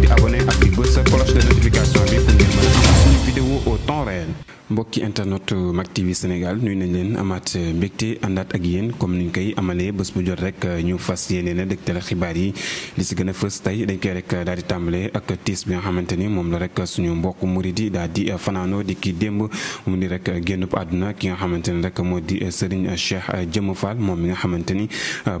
di abonné mbokki internet Mak yi Sénégal nuyu nañ leen amaat euh, mbégte àndaat ak yéen comme niñ koy amalee bés bu jot rek euh, ñu fas yéene na dégtal xibaar yi li si gën a fës tey dañ koy rek euh, daal di tàmbalee ak tiis bi nga xamante ni moom la rek suñu mbokk murid yi daal di fanaanoo di ki démb mu ni rek génnub àdduna ki nga xamante ni rek moo di Serigne Cheikh jëm Fall moom mi nga xamante ni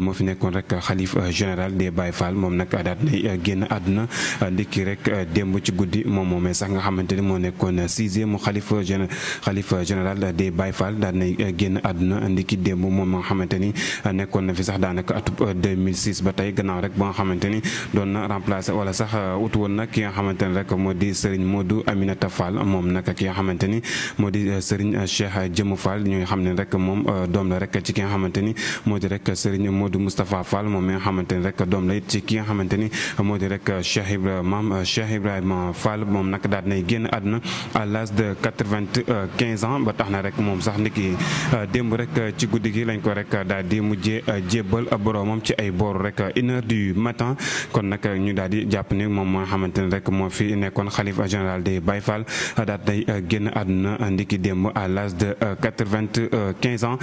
moo fi nekkoon rek xalif général des Baye Fall moom nag daal di génn àdduna ndikki rek démb ci guddi moom moom moomee sax nga xamante ni moo nekkoon sixième xalif général xalif général des Baye Fall daal nay eh, génn àdduna ndiki démb moom nga xamante ni eh, nekkoon na fi sax daanaka atub 2006 eh, ba tey gannaaw rek ba nga xamante ni doon na remplacé wala sax ut woon nag ki nga xamante ni rek moo di Serigne Modou Aminata Fall moom nag ki nga xamante ni moo di Serigne Cheikh Jëmu Fall ñu xam ne rek moom doom la rek ci ki nga xamante ni moo di rek Serigne Modou Moustapha Fall moom mi nga xamante ni rek doom la it ci ki nga xamante ni moo di rek Cheikh Ibrahima Cheikh Ibrahima Fall moom nag daal nay génn àdduna à l'âge de 80 quinze ans ba tax na rek moom sax ndiki euh, démb rek euh, ci guddi gi lañ ko rek euh, daal di mujjee boro boroomam ci ay booru rek une heure du matin kon nag ñu daal di jàpp ni moom moo xamante ne rek moo fi nekkoon xalifa général des Baye Fall daal day génn àdduna ndiki démb à l'âge de 95 ans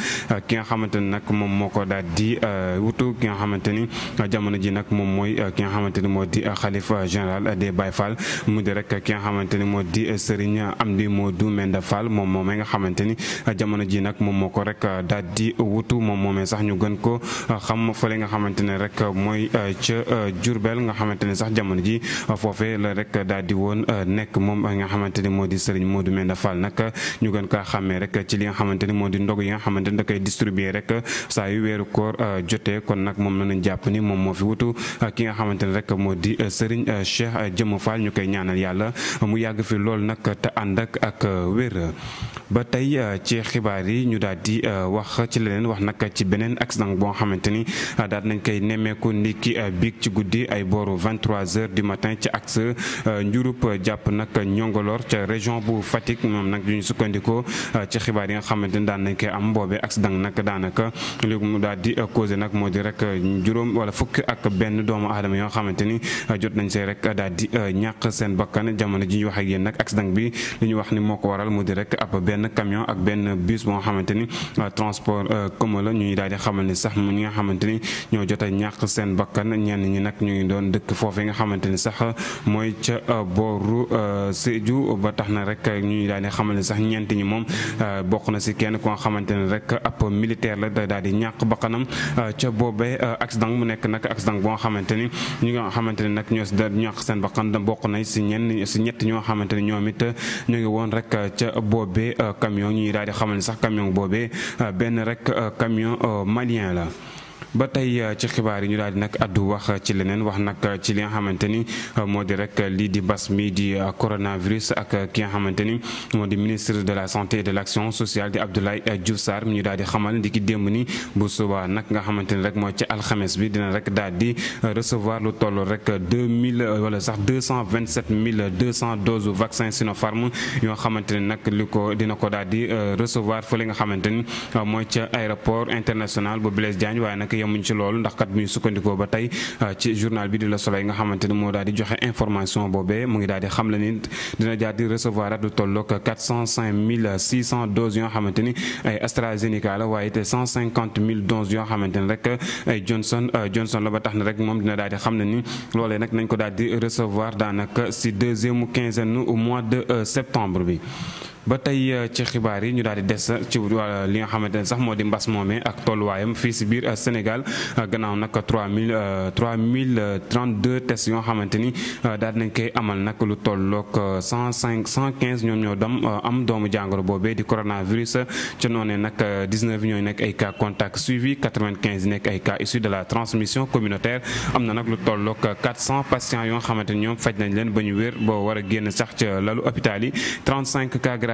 ki nga xamante ni nag moom moo ko daal di wutu ki nga xamante ni jamono ji nag moom mooy ki nga xamante ni moo di xalifa général des Baye Fall di rek ki nga xamante ni moo di Serigne Amdi Modou Fall moom moomee nga xamante ni jamono ji nag moom moo ko rek euh, daal di wutu moom moomee sax ñu gën ko euh, xam fële nga xamante ne rek mooy euh, ca Jurbel nga xamante ne sax jamono ji foofee rek daal di woon nekk moom nga xamante ni moo di Serigne Modou Menda Fall nag ñu gën kaa xàmmee rek ci li nga xamante ni moo di ndog yi nga xamante ni da koy distribuer rek saa yu weeru koor jotee kon nag moom la ñu jàpp ni moom moo fi wutu ki nga xamante ni rek moo di Serigne Cheikh Jëmm Fall ñu koy ñaanal yàlla mu yàgg fi lool nag te ànd ak ak wér ba tey euh, ci xibaar yi ñu daal di euh, wax ci leneen wax nag ci beneen accident boo xamante ni euh, daal nañ koy nemmeeku niki biig ci guddi ay booru 23h du matin ci axe Ndiouroup jàpp nag Ñongolor ca région bu Fatick moom nag ñu sukkandikoo ci xibaar yi nga xamante ni daan nañ koy am boobee accident nag daanaka léegi mu daal di causé nag moo di rek juróom wala fukki ak benn doomu aadama yoo xamante ni jot nañ see rek daal di ñàq seen bakkan jamono ji ñu wax ak yéen nag bi di rek ab benn camion ak benn bus boo xamante ni euh, transport euh, commun la ñuy daal di xamal ni sax ñi nga xamante ni ñoo jot a ñàkk seen bakkan ñenn nag ñu ngi doon dëkk foofu yi nga xamante ni sax mooy ca euh, booru Sédhiou ba tax na rek ñu daal di xamal ni sax ñeent ñi moom bokk na si kenn ko nga xamante ni rek ab militaire la daal di ñàkk bakkanam ca boobee accident mu nekk nag accident boo xamante ni ñi nga xamante ni nag ñoo si ñàkk seen bakkan bokk nañ si ñenn ñett ñoo xamante ni ñoom ngi woon rek ca boobee euh, camion ñuy daal di xamal sax camion boobee euh, benn rek euh, camion malien la ba tey euh, ci xibaar yi ñu daal di nag addu wax ci leneen wax nag ci li nga xamante ni euh, moo di rek lii di bas mi di euh, coronavirus ak ki nga xamante ni moo di ministre de la santé et de laction action sociale di Abdoulaye Diouf Sarr mi ñu daal di xamal di ki démb ni bu suba nag nga xamante ni rek mooy ci alxames bi dina rek daal di recevoir lu toll rek 2000 wala sax 227 200 doses vaccin Sinopharm yoo xamante ni nag li ko dina ko daal di recevoir fële nga xamante ni mooy ca aéroport international bu Blaise daanaka yemuñ ci loolu ndax kat bu sukkandikoo ba tey euh, ci journal bi di la Soleil nga xamante ni moo daal di joxe information boobee mu ngi daal di xam la ni dina jaar di recevoir at lu tolloog cent cinq mille six cent doses yoo xamante ni ay AstraZeneca la waaye te cent cinquante mille doses yoo xamante ni rek ay Johnson euh, Johnson la ba tax na rek moom dina daal di xam ne ni loolee nag nañ ko daal di recevoir daanaka si deuxième quinzaine au mois de euh, septembre bi ba tey euh, ci xibaar yi ñu daal di des euh, ci euh, li nga xamante ne sax moo di mbas moomee ak tolluwaayam fii si biir Sénégal gannaaw nag 3000 3032 tests yoo xamante ni daal di nañ koy amal nag lu tolloog 105 115 ñoom ñoo dam am doomu jàngoro boobee di coronavirus ca noonee nag 19 ñooy nekk ay cas contact suivi 95 nekk ay cas issus de la transmission communautaire am na nag lu tolloog 400 patients yoo xamante ni ñoom faj nañ leen ba ñu wér boo wara génn sax ca lalu hôpital yi 35 cas graves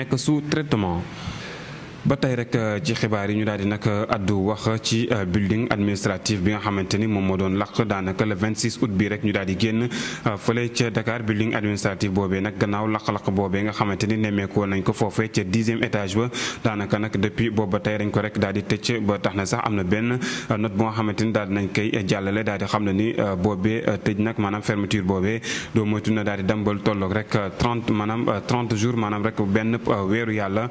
nekk sous traitement ba tey rek euh, ci xibaar yi ñu daal di nag euh, addu wax ci euh, building administratif bi nga xamante ni moom moo doon laq daanaka le 26 août bi rek ñu daal di génn fële ca Dakar building administratif boobee nag gannaaw laq-laq boobee nga xamante ni nemmeekoo nañ ko foofee ca dixième étage ba daanaka nag depuis boobu ba tey dañ ko rek daal di tëcc ba tax na sax am na benn note bu nga xamante ni daal di nañ koy jàllale daal di xam na ni boobee tëj nag maanaam fermeture boobee doo moytu na daal di dambal tolloog rek 30 maanaam 30 jours maanaam rek benn weeru yàlla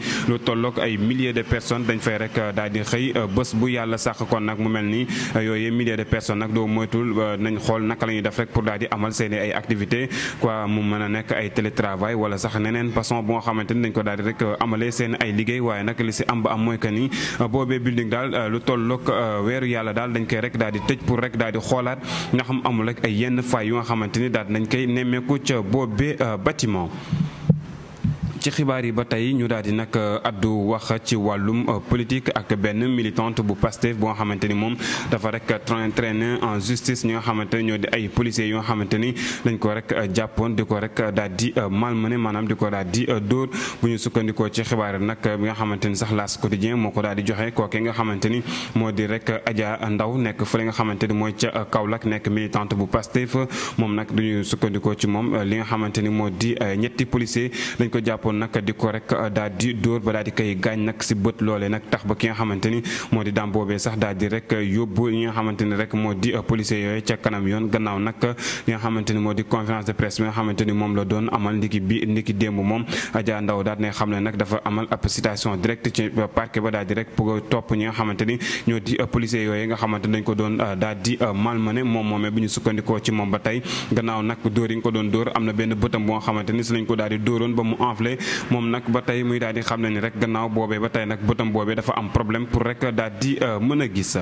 lu tollook ay milliers de personnes dañ fay rek daal di xëy euh, bës bu yàlla sax kon nag mu mel ni euh, yooyu milliers de personnes nag doo moytul euh, nañ xool naka lañuy def rek pour daal di amal seen ay activité quoi mu mën a nekk ay télétravail wala sax neneen façon bu nga xamante ni dañ ko daal di rek amalee seen ay liggéey waaye nag li si am ba am mooy que ni boobee building daal lu tolloog weeru yàlla daal dañ koy rek daal di tëj pour rek daal di xoolaat nga xam amul rek ay yenn faay yu nga xamante ni daal nañ koy nemmeeku ca boobee bâtiment ci xibaar yi ba tey ñu daal di nag euh, addu wax ci wàllum euh, politique ak benn militante bu Pastef bu nga xamante ni moom dafa rek traîner en justice ñi xamante ni ñoo di ay policiers yi xamante ni dañ ko rek euh, jàppoon ko rek daal di malmené maanaam di ko daal di dóor bu ñu sukkandikoo ci xibaar yi nag bi nga xamante ni sax L'As Quotidien moo ko daal di joxe kookee nga xamante ni moo di rek Adja Ndaw nekk fële nga xamante ni mooy ca Kaolack nekk militante bu Pastef moom nag du ñu sukkandikoo ci moom li nga xamante ni moo di ñetti policiers dañ ko jàppoon ko nag di ko rek euh, daal di dóor ba daal di koy gaañ nag si bët loolee nag tax ba ki nga xamante ni moo di daam boobee sax daal di rek euh, yóbbu ñi nga rek moo di euh, policiers yooyu ca kanam yoon gannaaw nag li nga xamante ni moo di conférence de presse bi nga xamante ni moom la doon amal ndiki bi moom Adja Ndaw daal xam ne nag dafa amal ab citation directe ci ba daal di rek topp ñi nga xamante ni ñoo di policiers yooyu nga xamante ni dañ ko doon daal di malmené moom moomee bu ñu sukkandikoo ci moom ba tey gannaaw nag dóor ko doon dóor am na benn bëtam boo xamante ni si lañ ko daal di dóoroon ba mu enflé moom nag ba tey muy daal di xam ne ni rek gannaaw boobe ba tey nag botam boobe dafa am problème pour rek daal di euh, mën a gis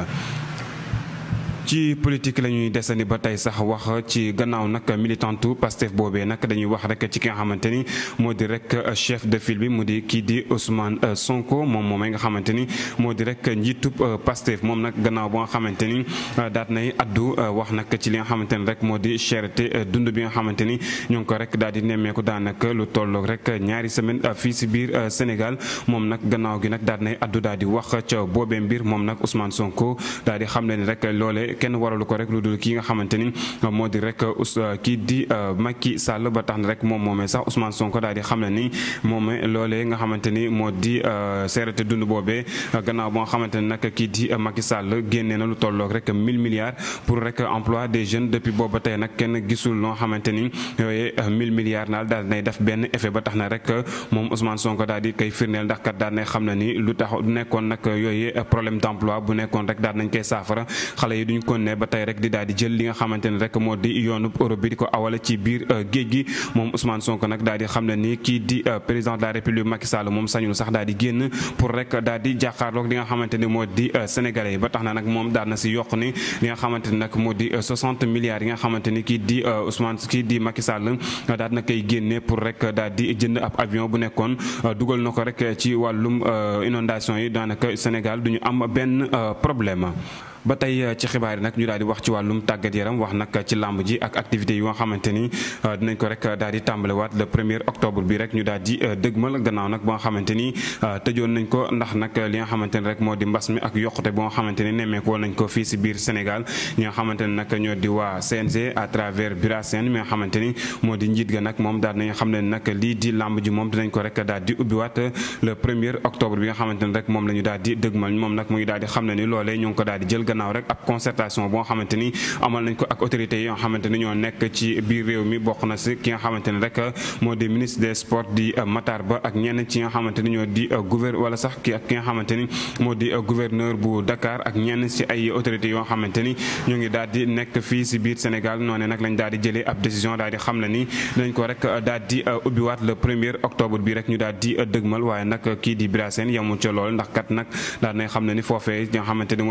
ci politique la ñuy desandi ba tey sax wax ci gannaaw nag militantu Pastef boobee nag dañuy wax rek ci ki nga xamante ni moo di rek chef de file bi mu di kii di Ousmane euh, Sonko moom moomay nga xamante ni moo di rek njiitub euh, Pastef moom nag gannaaw ba nga xamante ni euh, daat nay addu wax nag ci li nga xamante ni rek moo di cherté dund bi nga xamante ni ñoo ko rek daal di nemmeeku daanaka lu tolloog rek ñaari semaine fii si biir Sénégal moom nag gannaaw gi nag daat nay addu daal di wax ca boobee mbir moom nag Ousmane Sonko daal xam leen kenn waralu ko rek lu dul ki nga xamante ni moo di rek euh, kii di euh, Macky Sall ba tax na rek moom moomee sax Ousmane Sonko daal di xam ne ni moomee loolee nga xamante ni moo di euh, seerete dund boobee gannaaw ba nga xamante ni nag kii di Macky Sall génnee na lu tolloog rek 1000 milliards pour rek emploi des jeunes depuis booba tey nag kenn gisul loo xamante ni yooyee 1000 milliards naal daal dinay def benn effet ba tax na rek moom Ousmane Sonko daal di koy firndeel ndax kat daal nay xam na ni lu tax nekkoon nag yooyee problème d'emploi bu nekkoon rek daal nañ koy saafara xale yi duñ kon ne ba tey rek di daal di jël li nga xamante ne rek moo di yoonu Europe bi ko awale ci biir euh, géej gi moom Ousmane Sonko nag daal di xam ne ni kii di euh, président de la République Macky Sall moom sañul sax daal di génn pour rek daal di jàkkaarloog li nga xamante ni moo di euh, sénégalais yi ba tax na nag moom daal na si yokk ni li nga xamante ni nag moo di 60 milliards yi nga xamante ni kii di Ousmane kii di Macky Sall daal na koy génne pour rek daal di jënd ab avion bu nekkoon dugal na ko rek ci wàllum inondation yi daanaka Sénégal duñu am benn problème ba tey euh, ci xibaar yi nag ñu daal di wax ci wàllum tàggat yaram wax nag ci làmb ji ak activité yu nga xamante ni euh, dinañ ko rek euh, daal di tàmbalewaat le premier octobre bi rek ñu daal di dëgmal gannaaw nag ba nga xamante ni tëjoon nañ ko ndax nag li xamante ni rek moo di mbas mi ak yokkute ba nga xamante ni nemmeeku nañ ko fii si biir Sénégal ñi xamante ni nag ñoo di waa CNG à travers Birasène xamante ni moo di njiit ga nag moom daal nañ xam ne nag lii di làmb ji moom dinañ ko rek daal di ubbiwaat le premier octobre bi nga xamante ni rek moom ñu daal di dëgmal moom nag mu ngi daal di xam ne ni loolee ñu ko daal di jël gannaaw rek ab concertation boo xamante ni amal nañ ko ak autorités yoo xamante ni ñoo nekk ci biir réew mi bokk na si ki nga xamante ni rek moo di ministre des sports di euh, Matar Ba ak ñenn euh, gouverneur sax ki ak ki nga xamante ni moo di euh, gouverneur bu Dakar ak ñenn si ay autorités yoo xamante ni ñu ngi daal di nekk fii si biir Sénégal noone nag lañ daal di jëlee ab décision daal di xam la ni dañ ko daal di ubbiwaat le premier octobre bi rek ñu daal di dëgmal waaye nag kii di Bira Sène yemul ca lool ndax kat nag daal nañ xam ne ni foofee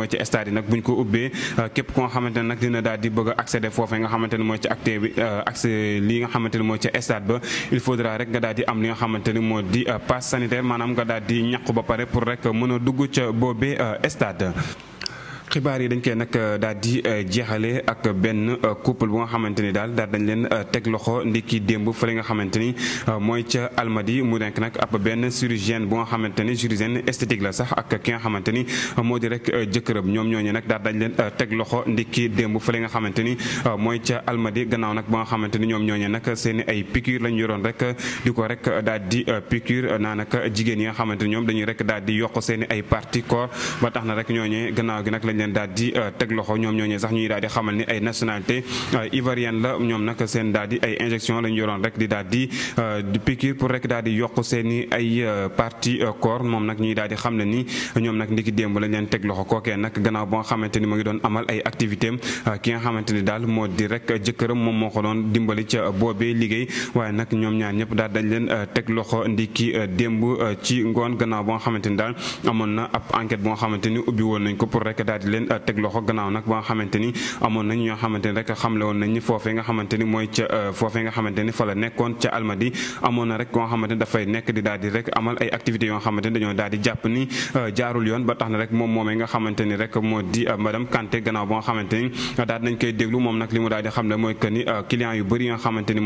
ci stade buñ ko ubbee euh, képp ko nga xamante ne nag dina daal di bëgg a accéder foofee nga xamante ne mooy ci acte bi euh, accès li nga xamante ne mooy ca stade ba il faudra rek nga daal di am li nga xamante ne moo di euh, passe sanitaire maanaam nga daal di ñàqu ba pare pour rek mën a dugg ca boobee stade xibaar yi dañ koy nag euh, daal di euh, jeexale ak benn euh, couple bu nga xamante ni daal daal dañ leen teg loxo ndiki démb fële nga xamante ni mooy ca almadi mu nekk nag ab benn chirurgien bu nga xamante ni chirurgien esthétique la sax ak ki nga xamante ni moo rek jëkkëram ñoom ñooñu nag daal dañ leen teg loxo ndiki démb fële nga xamante ni mooy ca almadi gannaaw nag ba nga xamante ni ñoom ñooñu nag seen ay piqûre lañ yoroon rek di ko rek daal di piqûre naanaka jigéen yi nga xamante ni ñoom dañuy rek daal di yokk seeni ay parti corps ba tax na rek ñooñu gannaaw gi nag lañ leen daal di euh, teg loxo ñoom ñooñu sax ñuy daal di xamal ni ay nationalité euh, ivoirienne la ñoom nag seen daal di ay injection la ñu yoroon rek di daal euh, di piqûre pour rek daal di yokk seeni ay partie corps moom nag ñuy daal di xam ni ñoom nag ndiki démb lañ teg loxo kookee nag gannaaw ba nga xamante ni mu ngi doon amal ay activité am ki nga daal moo di rek jëkkëram moom moo ko doon dimbali ca boobee liggéey waaye nag ñoom ñaar ñëpp daal dañ leen teg loxo ndiki démb ci ngoon gannaaw ba nga xamante ni daal amoon na ni ubbi woon nañ ko pour di leen teg loxo gannaaw nag ba nga xamante ni amoon nañ ñoo xamante ni rek xamle woon nañ ni foofee nga xamante ni mooy ca foofee nga xamante ni fa la nekkoon ca almadi na rek ko nga xamante ni dafay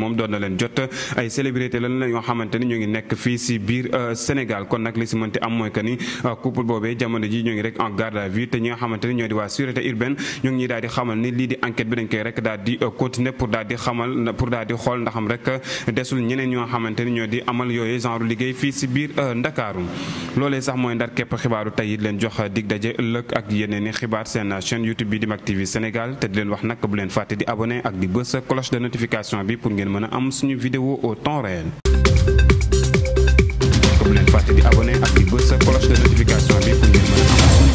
moom doon na leen jot ay célébrité lan la yoo xamante ngi nekk fii si Sénégal kon nag li si am mooy que couple boobee jamono ji ñu ngi rek en garde à vue te ñi nga ne ñoo di waa sûreté urbaine ñu ngi daal di xamal ni lii di enquête bi dañ koy rek daal di euh, continuer pour daal di xamal pour daal di xool ndaxam rek euh, desul ñeneen ñoo xamante ni ñoo di amal yooyu genre liggéey fii si biir euh, Ndakaaru loolee sax mooy ndar képp xibaaru tey leen jox dig daje ëllëg ak yeneen i xibaar seen chaîne YouTube bi di Mak TV Sénégal te di leen wax nag bu leen fàtte di abonné ak di bës cloche de notification bi pour ngeen mën am suñu vidéo au temps réel am